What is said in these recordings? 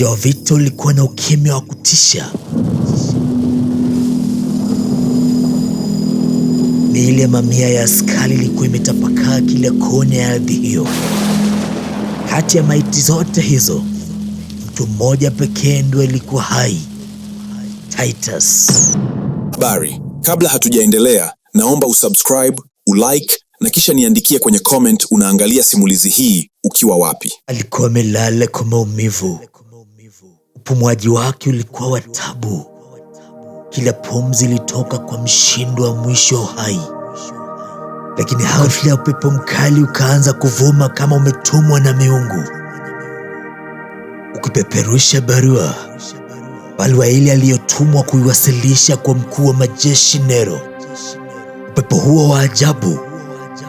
Uwanja wa vita ulikuwa na ukimya wa kutisha. Miili ya mamia ya askari ilikuwa imetapakaa kila kona ya ardhi hiyo. Kati ya maiti zote hizo, mtu mmoja pekee ndio alikuwa hai, Titus. Habari. Kabla hatujaendelea, naomba usubscribe, ulike na kisha niandikie kwenye comment unaangalia simulizi hii ukiwa wapi. Alikuwa amelala kwa maumivu Upumuaji wake ulikuwa wa tabu, Kila pumzi ilitoka kwa mshindo wa mwisho hai lakini lakini ghafla upepo mkali ukaanza kuvuma kama umetumwa na miungu, ukipeperusha barua, barua ile aliyotumwa kuiwasilisha kwa mkuu wa majeshi Nero. Upepo huo wa ajabu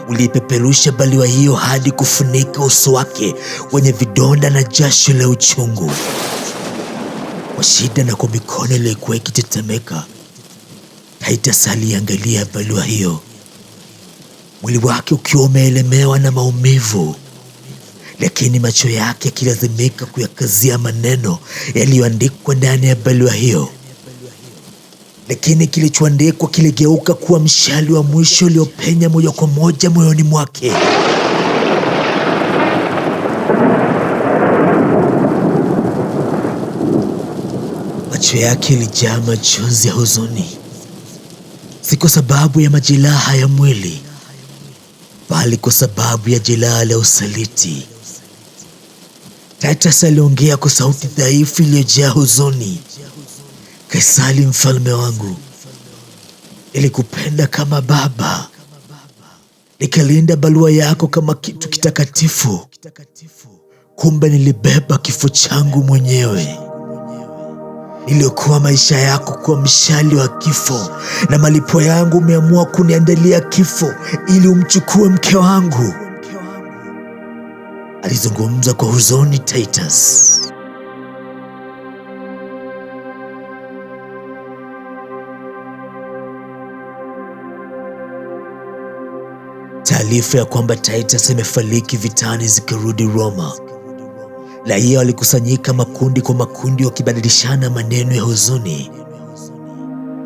uliipeperusha barua hiyo hadi kufunika uso wake wenye vidonda na jasho la uchungu kwa shida na kwa mikono iliyokuwa ikitetemeka. Haitasali angalia barua hiyo, mwili wake ukiwa umeelemewa na maumivu, lakini macho yake yakilazimika kuyakazia maneno yaliyoandikwa ndani ya barua hiyo. Lakini kilichoandikwa kiligeuka kuwa mshale wa mwisho uliopenya moja kwa moja moyoni mwake. Macho yake yalijaa machozi ya huzuni, si kwa sababu ya majeraha ya mwili, bali kwa sababu ya jeraha la usaliti. Titus aliongea kwa sauti dhaifu iliyojaa huzuni, Kaisari mfalme wangu, nilikupenda kama baba, nikalinda barua yako kama kitu kitakatifu, kumbe nilibeba kifo changu mwenyewe iliyokuwa maisha yako kuwa mshali wa kifo, na malipo yangu umeamua kuniandalia kifo ili umchukue mke wangu, alizungumza kwa huzuni Titus. Taarifa ya kwamba Titus amefariki vitani zikarudi Roma Raia walikusanyika makundi kwa makundi, wakibadilishana maneno ya huzuni,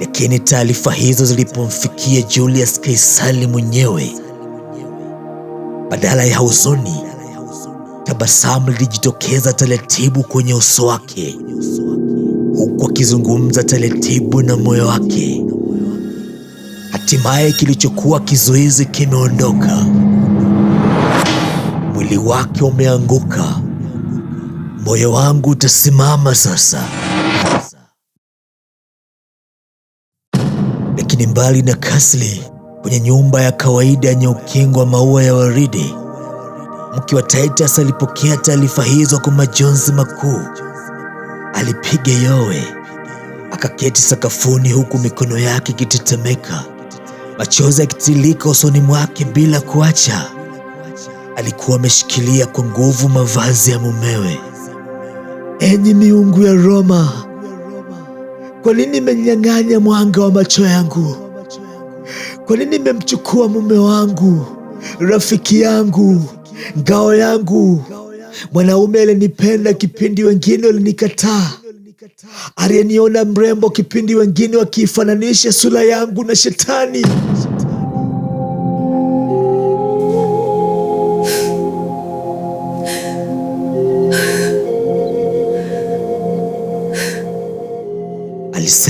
lakini taarifa hizo zilipomfikia Julius Kaisali mwenyewe, badala ya huzuni, tabasamu lilijitokeza taratibu kwenye uso wake, huku akizungumza taratibu na moyo wake. Hatimaye kilichokuwa kizuizi kimeondoka, mwili wake umeanguka Moyo wangu utasimama sasa. Lakini mbali na kasli kwenye nyumba ya kawaida yenye ukingo wa maua ya waridi, mke wa Titus alipokea taarifa hizo kwa majonzi makuu. Alipiga yowe, akaketi sakafuni, huku mikono yake ikitetemeka, machozi yakitiririka usoni mwake bila kuacha. Alikuwa ameshikilia kwa nguvu mavazi ya mumewe. Enyi miungu ya Roma, kwa nini imenyang'anya mwanga wa macho yangu? Kwa nini imemchukua mume wangu, rafiki yangu, ngao yangu, mwanaume alinipenda kipindi wengine walinikataa, aliyeniona mrembo kipindi wengine wakiifananisha sura yangu na Shetani?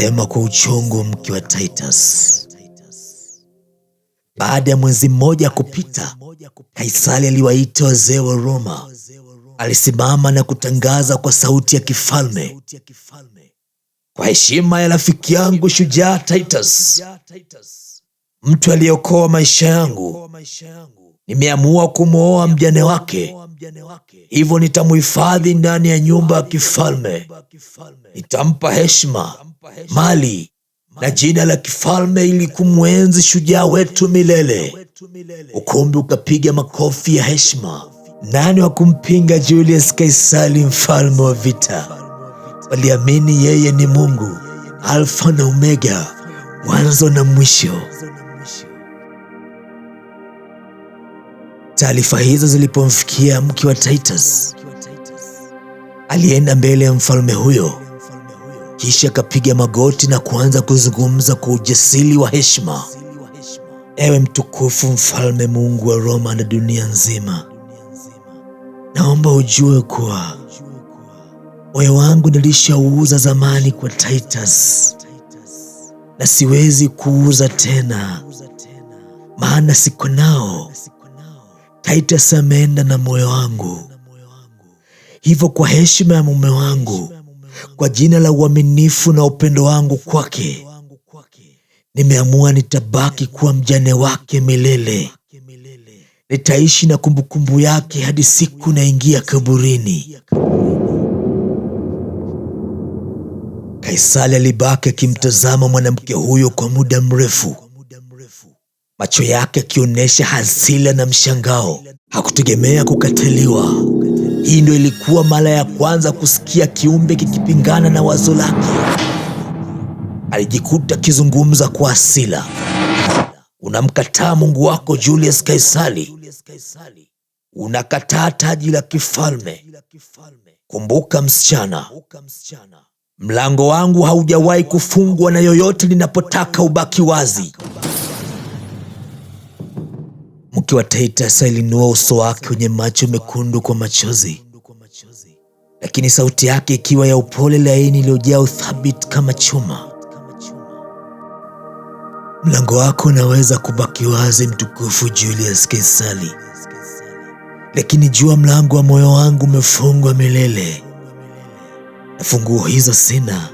Alisema kwa uchungu mke wa Titus. Baada ya mwezi mmoja kupita, Kaisari aliwaita wazee wa Roma. Alisimama na kutangaza kwa sauti ya kifalme, kwa heshima ya rafiki yangu shujaa Titus, mtu aliyeokoa maisha yangu, nimeamua kumwoa mjane wake, hivyo nitamuhifadhi ndani ya nyumba ya kifalme, nitampa heshima mali na jina la kifalme ili kumwenzi shujaa wetu milele. Ukumbi ukapiga makofi ya heshima. Nani wa kumpinga Julius kaisali mfalme wa vita? Waliamini yeye ni Mungu, Alfa na Omega, mwanzo na mwisho. Taarifa hizo zilipomfikia mke wa Titus, alienda mbele ya mfalme huyo kisha akapiga magoti na kuanza kuzungumza kwa ujasiri wa heshima: Ewe mtukufu mfalme, Mungu wa Roma na dunia nzima, naomba ujue kuwa moyo wangu nilishauuza zamani kwa Titus na siwezi kuuza tena, maana siko nao. Titus ameenda na moyo wangu, hivyo kwa heshima ya mume wangu kwa jina la uaminifu na upendo wangu kwake, nimeamua nitabaki kuwa mjane wake milele. Nitaishi na kumbukumbu kumbu yake hadi siku naingia kaburini. kaisali alibaki akimtazama mwanamke huyo kwa muda mrefu, macho yake akionyesha hasira na mshangao. Hakutegemea kukataliwa. Hii ndio ilikuwa mara ya kwanza kusikia kiumbe kikipingana na wazo lake. Alijikuta akizungumza kwa asila, unamkataa Mungu wako Julius Kaisari, unakataa taji la kifalme. Kumbuka msichana, mlango wangu haujawahi kufungwa na yoyote linapotaka ubaki wazi mke titus aliinua uso wake wenye macho mekundu kwa machozi, lakini sauti yake ikiwa ya upole laini iliyojaa uthabiti kama chuma. Mlango wako unaweza kubaki wazi, mtukufu Julius Kesali, lakini jua mlango wa moyo wangu umefungwa milele, na funguo hizo sina.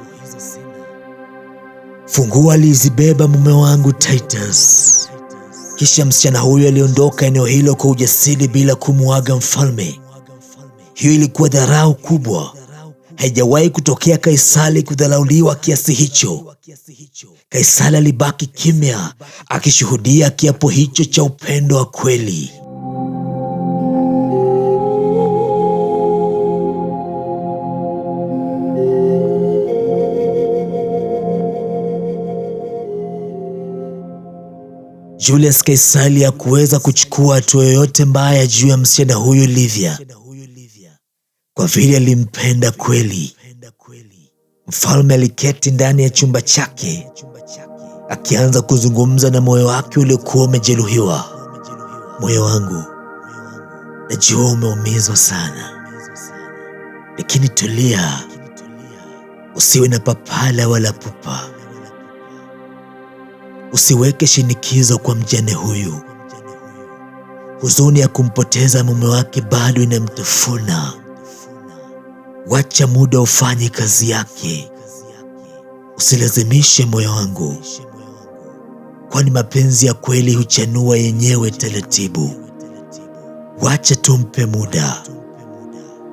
Funguo alizibeba mume wangu Titus kisha msichana huyo aliondoka eneo hilo kwa ujasiri bila kumuaga mfalme. Hiyo ilikuwa dharau kubwa. Haijawahi kutokea Kaisari kudharauliwa kiasi hicho. Kaisari alibaki kimya akishuhudia kiapo hicho cha upendo wa kweli. Julius kaisali hakuweza kuchukua hatua yoyote mbaya juu ya msichana huyu Livia, kwa vile alimpenda kweli. Mfalme aliketi ndani ya chumba chake akianza kuzungumza na moyo wake uliokuwa umejeruhiwa. Moyo wangu, najua umeumizwa sana, lakini tulia, usiwe na papala wala pupa Usiweke shinikizo kwa mjane huyu. Huzuni ya kumpoteza mume wake bado inamtafuna. Wacha muda ufanye kazi yake, usilazimishe moyo wangu, kwani mapenzi ya kweli huchanua yenyewe taratibu. Wacha tumpe muda.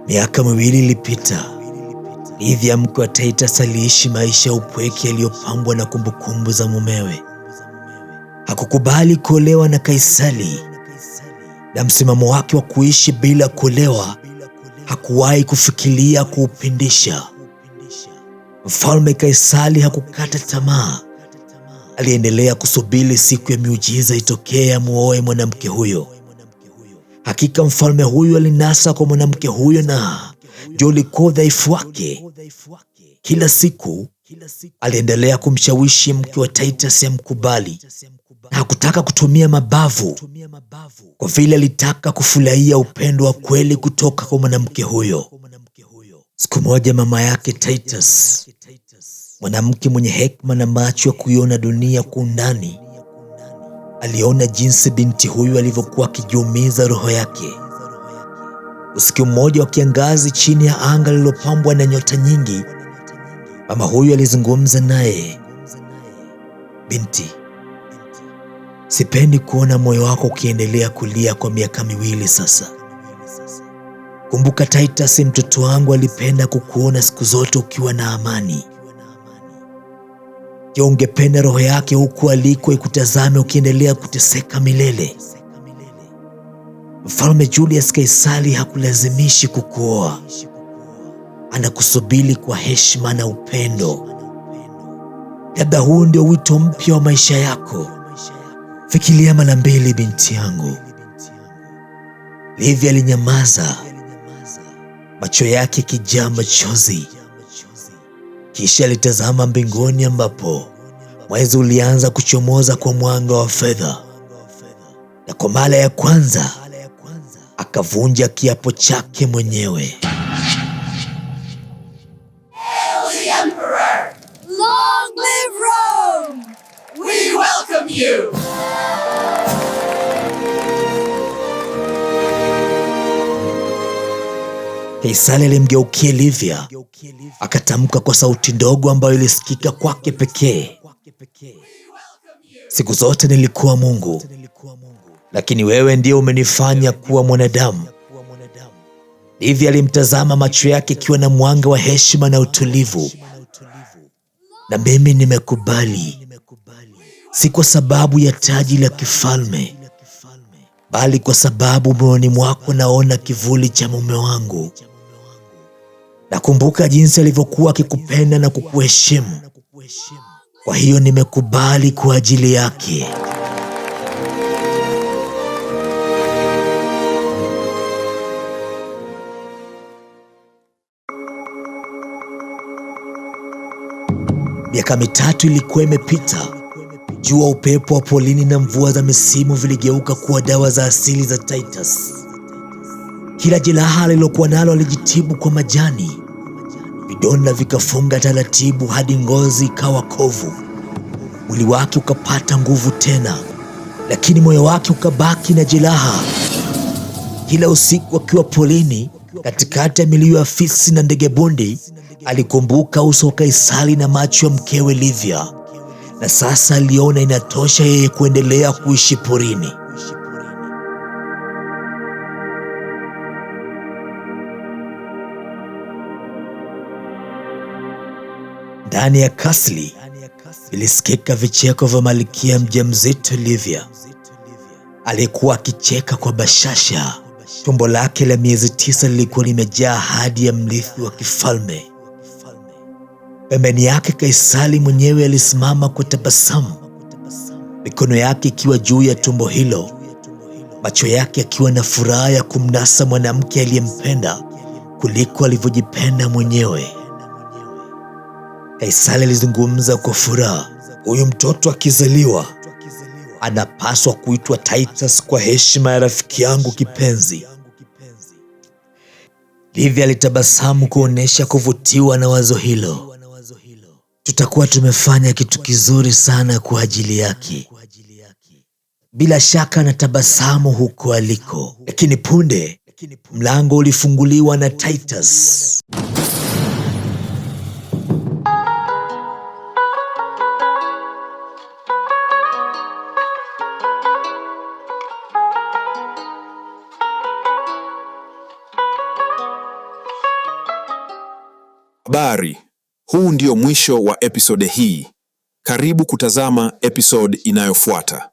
Miaka miwili ilipita. Lidhi ya mke wa aliishi maisha ya upweke yaliyopambwa na kumbukumbu za mumewe hakukubali kuolewa na Kaisari na msimamo wake wa kuishi bila kuolewa hakuwahi kufikiria kuupindisha. Mfalme Kaisari hakukata tamaa, aliendelea kusubiri siku ya miujiza itokee amuoe mwanamke huyo. Hakika mfalme huyo alinasa kwa mwanamke huyo, na ndio ulikuwa udhaifu wake. Kila siku aliendelea kumshawishi mke wa Titus amkubali, na hakutaka kutumia mabavu kwa vile alitaka kufurahia upendo wa kweli kutoka kwa mwanamke huyo. Siku moja mama yake Titus, mwanamke mwenye hekima na macho ya kuiona dunia kwa undani, aliona jinsi binti huyu alivyokuwa akijiumiza roho yake. Usiku mmoja wa kiangazi, chini ya anga lililopambwa na nyota nyingi, mama huyu alizungumza naye, binti Sipendi kuona moyo wako ukiendelea kulia kwa miaka miwili sasa. Kumbuka Titus, mtoto wangu alipenda kukuona siku zote ukiwa na amani. Je, ungependa roho yake huku aliko ikutazame ukiendelea kuteseka milele? Mfalme Julius Kaisari hakulazimishi kukuoa, anakusubiri kwa heshima na upendo. Labda huu ndio wito mpya wa maisha yako. Fikiria mara mbili, binti yangu. Livi alinyamaza, macho yake kijaa machozi, kisha alitazama mbinguni ambapo mwezi ulianza kuchomoza kwa mwanga wa fedha, na kwa mara ya kwanza akavunja kiapo chake mwenyewe. you. alimgeukia livya akatamka kwa sauti ndogo ambayo ilisikika kwake pekee, siku zote nilikuwa Mungu, lakini wewe ndiye umenifanya kuwa mwanadamu. livya alimtazama, macho yake ikiwa na mwanga wa heshima na utulivu. Na mimi nimekubali si kwa sababu ya taji la kifalme, bali kwa sababu moyoni mwako naona kivuli cha mume wangu. Nakumbuka jinsi alivyokuwa akikupenda na kukuheshimu, kwa hiyo nimekubali kwa ajili yake. Miaka mitatu ilikuwa imepita Jua, upepo wa polini na mvua za misimu viligeuka kuwa dawa za asili za Titus. Kila jeraha alilokuwa nalo alijitibu kwa majani, vidonda vikafunga taratibu hadi ngozi ikawa kovu. Mwili wake ukapata nguvu tena, lakini moyo wake ukabaki na jeraha. Kila usiku akiwa polini, katikati ya milio ya fisi na ndege bundi, alikumbuka uso wa Kaisari na macho ya mkewe Livia na sasa aliona inatosha yeye kuendelea kuishi porini. Ndani ya kasli vilisikika vicheko vya malkia mjamzito Livia aliyekuwa akicheka kwa bashasha. Tumbo lake la miezi tisa lilikuwa limejaa hadi ya mrithi wa kifalme Pembeni yake Kaisari mwenyewe alisimama kwa tabasamu, mikono yake ikiwa juu ya tumbo hilo, macho yake akiwa na furaha ya kumnasa mwanamke aliyempenda kuliko alivyojipenda mwenyewe. kaisali alizungumza kwa furaha, huyu mtoto akizaliwa anapaswa kuitwa Titus kwa heshima ya rafiki yangu kipenzi. Livia alitabasamu kuonyesha kuvutiwa na wazo hilo tutakuwa tumefanya kitu kizuri sana kwa ajili yake. Bila shaka na tabasamu huko aliko, lakini punde mlango ulifunguliwa na Titus. Habari. Huu ndio mwisho wa episode hii. Karibu kutazama episode inayofuata.